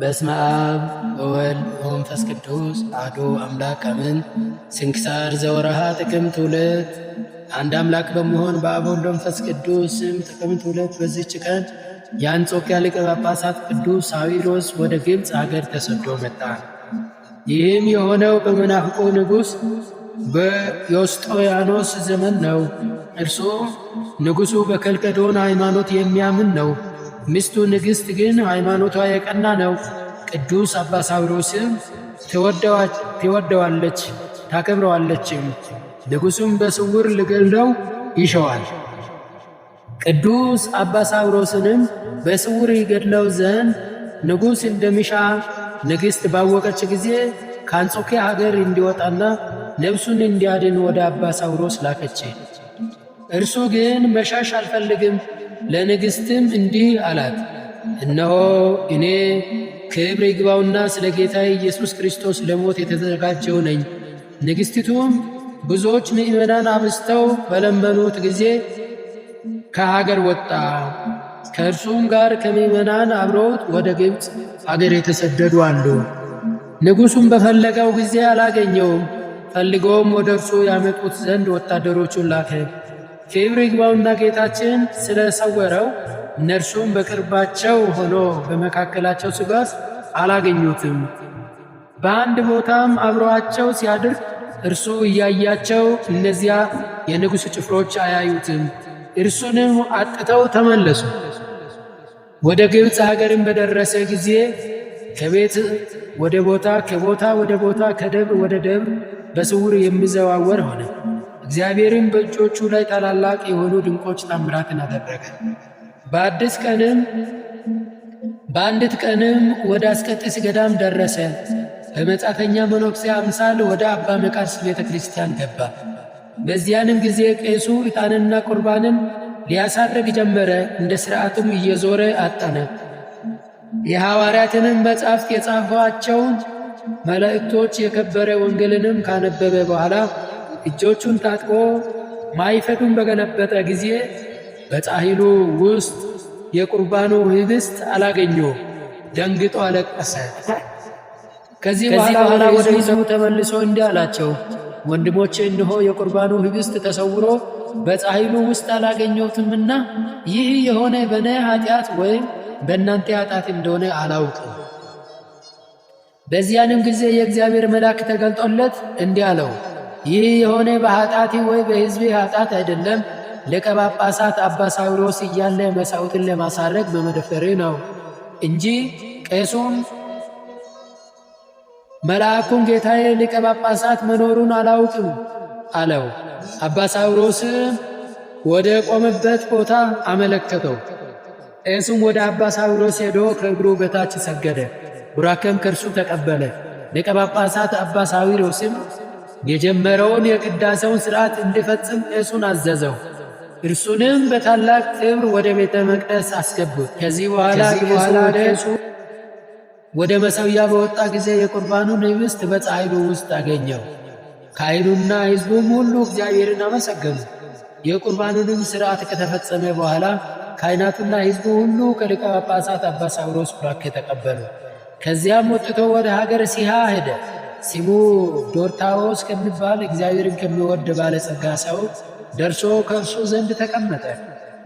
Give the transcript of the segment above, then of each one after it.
በስመ አብ ወወልድ ወመንፈስ ቅዱስ አሐዱ አምላክ አሜን። ስንክሳር ዘወረሃ ጥቅምት ሁለት አንድ አምላክ በመሆን በአብ ወልድ መንፈስ ቅዱስ ስም ጥቅምት ሁለት በዚች ቀን የአንጾኪያ ሊቀ ጳጳሳት ቅዱስ ሳዊሮስ ወደ ግብፅ አገር ተሰዶ መጣ። ይህም የሆነው በመናፍቁ ንጉሥ በዮስጦያኖስ ዘመን ነው። እርሱ ንጉሡ በከልቀዶን ሃይማኖት የሚያምን ነው። ሚስቱ ንግሥት ግን ሃይማኖቷ የቀና ነው። ቅዱስ አባ ሳዊሮስም ትወደዋለች፣ ታከብረዋለችም። ንጉሡም በስውር ሊገድለው ይሸዋል። ቅዱስ አባ ሳዊሮስንም በስውር ይገድለው ዘንድ ንጉሥ እንደሚሻ ንግሥት ባወቀች ጊዜ ከአንጾኪያ ሀገር እንዲወጣና ነብሱን እንዲያድን ወደ አባ ሳዊሮስ ላከች። እርሱ ግን መሻሽ አልፈልግም ለንግሥትም እንዲህ አላት፣ እነሆ እኔ ክብር ይግባውና ስለ ጌታ ኢየሱስ ክርስቶስ ለሞት የተዘጋጀው ነኝ። ንግሥቲቱም ብዙዎች ምዕመናን አብዝተው በለመኑት ጊዜ ከሀገር ወጣ። ከእርሱም ጋር ከምዕመናን አብረውት ወደ ግብፅ አገር የተሰደዱ አሉ። ንጉሡም በፈለገው ጊዜ አላገኘውም። ፈልገውም ወደ እርሱ ያመጡት ዘንድ ወታደሮቹን ላከ። ክብር ይግባውና ጌታችን ስለሰወረው እነርሱም በቅርባቸው ሆኖ በመካከላቸው ሲጓዝ አላገኙትም። በአንድ ቦታም አብረዋቸው ሲያድር እርሱ እያያቸው እነዚያ የንጉሥ ጭፍሮች አያዩትም። እርሱንም አጥተው ተመለሱ። ወደ ግብፅ ሀገርም በደረሰ ጊዜ ከቤት ወደ ቦታ ከቦታ ወደ ቦታ ከደብር ወደ ደብር በስውር የሚዘዋወር ሆነ። እግዚአብሔርም በእጆቹ ላይ ታላላቅ የሆኑ ድንቆች ታምራትን አደረገ። በአዲስ ቀንም በአንዲት ቀንም ወደ አስቀጥስ ገዳም ደረሰ። በመጻተኛ መኖክሴ አምሳል ወደ አባ መቃርስ ቤተ ክርስቲያን ገባ። በዚያንም ጊዜ ቄሱ ዕጣንና ቁርባንን ሊያሳርግ ጀመረ። እንደ ሥርዓቱም እየዞረ አጠነ። የሐዋርያትንም መጻሕፍት የጻፏቸውን መላእክቶች የከበረ ወንጌልንም ካነበበ በኋላ እጆቹን ታጥቆ ማይፈቱን በገለበጠ ጊዜ በጻሕሉ ውስጥ የቁርባኑ ህብስት አላገኘውም። ደንግጦ አለቀሰ። ከዚህ በኋላ ወደ ሕዝቡ ተመልሶ እንዲህ አላቸው፣ ወንድሞቼ እንሆ የቁርባኑ ህብስት ተሰውሮ በጻሕሉ ውስጥ አላገኘሁትምና ይህ የሆነ በእኔ ኃጢአት ወይም በእናንተ ኃጢአት እንደሆነ አላውቅም። በዚያንም ጊዜ የእግዚአብሔር መልአክ ተገልጦለት እንዲህ አለው ይህ የሆነ በኃጢአቴ ወይ በሕዝቤ ኃጢአት አይደለም፣ ሊቀ ጳጳሳት አባ ሳዊሮስ እያለ መሥዋዕትን ለማሳረግ በመደፈሬ ነው እንጂ ቄሱም መልአኩን ጌታዬ ሊቀ ጳጳሳት መኖሩን አላውቅም አለው። አባ ሳዊሮስም ወደ ቆመበት ቦታ አመለከተው። ቄሱም ወደ አባ ሳዊሮስ ሄዶ ከእግሩ በታች ሰገደ፣ ቡራኬም ከእርሱ ተቀበለ። ሊቀ ጳጳሳት አባ ሳዊሮስም የጀመረውን የቅዳሴውን ሥርዓት እንዲፈጽም እሱን አዘዘው። እርሱንም በታላቅ ክብር ወደ ቤተ መቅደስ አስገቡት። ከዚህ በኋላ እሱ ወደ መሠዊያ በወጣ ጊዜ የቁርባኑን ኅብስት በፀሐይሉ ውስጥ አገኘው። ካህኑና ሕዝቡም ሁሉ እግዚአብሔርን አመሰገኑ። የቁርባኑንም ሥርዓት ከተፈጸመ በኋላ ካህናቱና ሕዝቡ ሁሉ ከሊቀ ጳጳሳት አባ ሳዊሮስ ቡራኬ ተቀበሉ። ከዚያም ወጥቶ ወደ ሀገር ሲሃ ሄደ። ሲሙ ዶርታዎስ ከሚባል እግዚአብሔርን ከሚወድ ባለጸጋ ሰው ደርሶ ከእርሱ ዘንድ ተቀመጠ።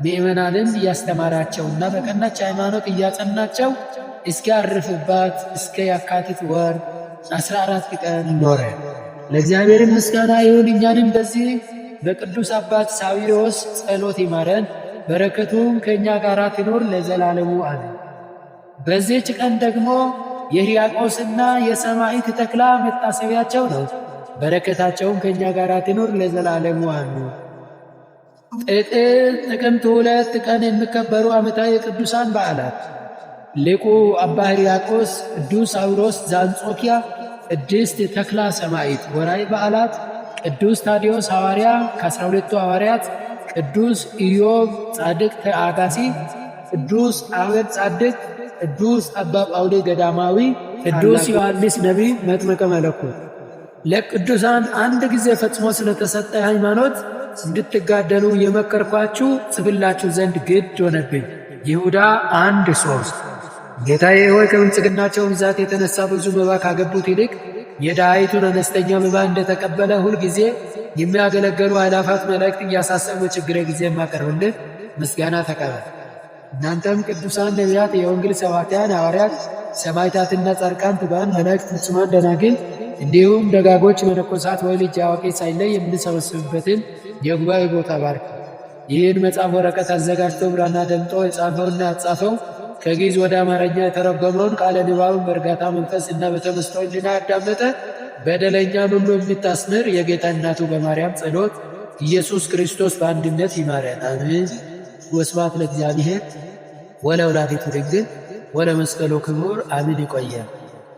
ምእመናንን እያስተማራቸውና በቀናች ሃይማኖት እያጸናቸው እስኪ አርፍባት እስከ ያካትት ወር 14 ቀን ኖረ። ለእግዚአብሔር ምስጋና ይሁን። እኛንም በዚህ በቅዱስ አባት ሳዊሮስ ጸሎት ይማረን፣ በረከቱም ከእኛ ጋር ትኖር ለዘላለሙ አለ። በዚህች ቀን ደግሞ የሕርያቆስና የሰማዕት ተክላ መታሰቢያቸው ነው። በረከታቸውም ከእኛ ጋር ትኑር ለዘላለሙ አሉ። ጥቅምት ጥቅምት ሁለት ቀን የሚከበሩ ዓመታዊ የቅዱሳን በዓላት ሊቁ አባ ሕርያቆስ፣ ቅዱስ አውሮስ ዛንጾኪያ፣ ቅድስት ተክላ ሰማዕት። ወራይ በዓላት ቅዱስ ታዲዮስ ሐዋርያ ከ12ቱ ሐዋርያት፣ ቅዱስ ኢዮብ ጻድቅ ተአጋሲ፣ ቅዱስ አብር ጻድቅ ቅዱስ አባ ጳውሌ ገዳማዊ፣ ቅዱስ ዮሐንስ ነቢይ መጥምቀ መለኮት ለቅዱሳን አንድ ጊዜ ፈጽሞ ስለተሰጠ ሃይማኖት እንድትጋደሉ የመከርኳችሁ ጽፍላችሁ ዘንድ ግድ ሆነብኝ። ይሁዳ አንድ ሶስት ጌታዬ ሆይ ከብልጽግናቸው ብዛት የተነሳ ብዙ መባ ካገቡት ይልቅ የድሃይቱን አነስተኛ መባ እንደተቀበለ ሁልጊዜ የሚያገለገሉ አእላፋት መላእክት እያሳሰቡ ችግሬ ጊዜ የማቀርብልህ ምስጋና ተቀበል። እናንተም ቅዱሳን ነቢያት፣ የወንጌል ሰባኪያን ሐዋርያት፣ ሰማዕታትና ጻድቃን፣ ትጉሃን መላእክት፣ ፍጹማን ደናግል እንዲሁም ደጋጎች መነኮሳት ወይ ልጅ አዋቂ ሳይለይ የምንሰበስብበትን የጉባኤ ቦታ ባርክ። ይህን መጽሐፍ ወረቀት አዘጋጅቶ ብራና ደምጦ የጻፈውና ያጻፈው ከግዕዝ ወደ አማርኛ የተረጎመውን ቃለ ንባብን በእርጋታ መንፈስ እና በተመስጦ እንዲና ያዳመጠ በደለኛ ምኖ የሚታስምር የጌታ እናቱ በማርያም ጸሎት ኢየሱስ ክርስቶስ በአንድነት ይማረን። አሜን። ወስብሐት ለእግዚአብሔር ወለወላዲቱ ድንግል ወለመስቀሉ ክቡር አሚን። ይቆያል።